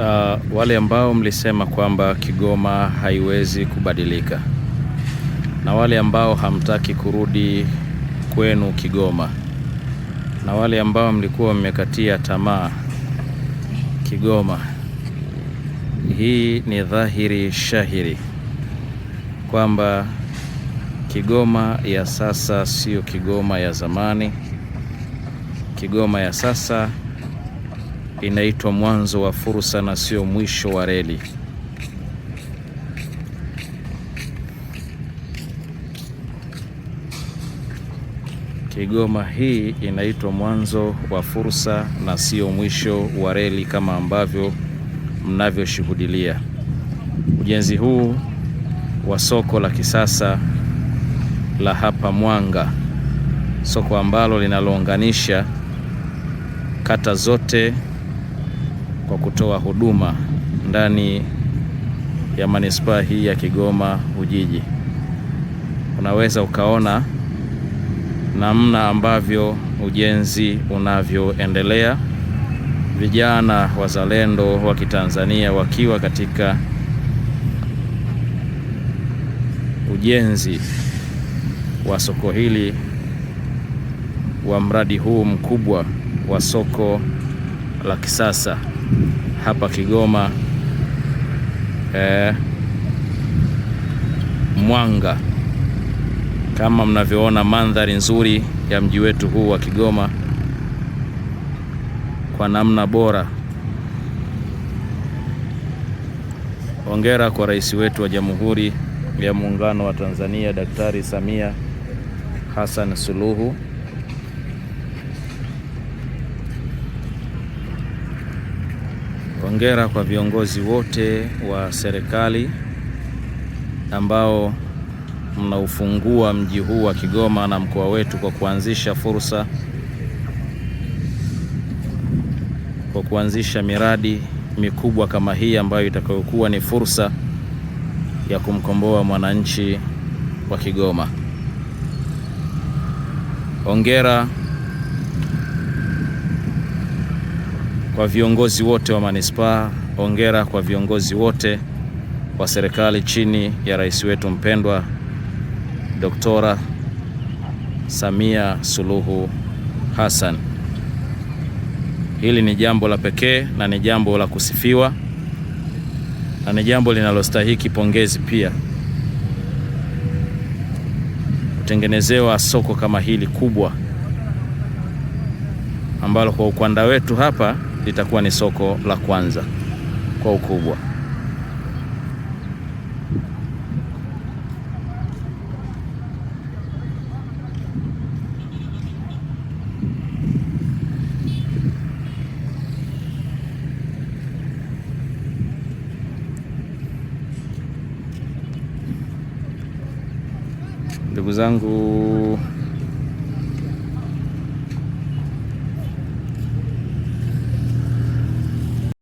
Uh, wale ambao mlisema kwamba Kigoma haiwezi kubadilika na wale ambao hamtaki kurudi kwenu Kigoma na wale ambao mlikuwa mmekatia tamaa Kigoma, hii ni dhahiri shahiri kwamba Kigoma ya sasa sio Kigoma ya zamani. Kigoma ya sasa inaitwa mwanzo wa fursa na sio mwisho wa reli. Kigoma hii inaitwa mwanzo wa fursa na sio mwisho wa reli kama ambavyo mnavyoshuhudilia. Ujenzi huu wa soko la kisasa la hapa Mwanga, soko ambalo linalounganisha kata zote kwa kutoa huduma ndani ya manispaa hii ya Kigoma Ujiji. Unaweza ukaona namna ambavyo ujenzi unavyoendelea, vijana wazalendo wa Kitanzania wakiwa katika ujenzi wa soko hili wa mradi huu mkubwa wa soko la kisasa hapa Kigoma eh, Mwanga. Kama mnavyoona mandhari nzuri ya mji wetu huu wa Kigoma kwa namna bora. Hongera kwa rais wetu wa Jamhuri ya Muungano wa Tanzania Daktari Samia Hassan Suluhu Hongera kwa viongozi wote wa serikali ambao mnaufungua mji huu wa Kigoma na mkoa wetu kwa kuanzisha fursa, kwa kuanzisha miradi mikubwa kama hii ambayo itakayokuwa ni fursa ya kumkomboa mwananchi wa Kigoma. Hongera kwa viongozi wote wa manispaa, hongera kwa viongozi wote wa serikali chini ya rais wetu mpendwa Doktora Samia Suluhu Hassan. Hili ni jambo la pekee na ni jambo la kusifiwa na ni jambo linalostahiki pongezi pia. Kutengenezewa soko kama hili kubwa ambalo kwa ukwanda wetu hapa litakuwa ni soko la kwanza kwa ukubwa. Ndugu zangu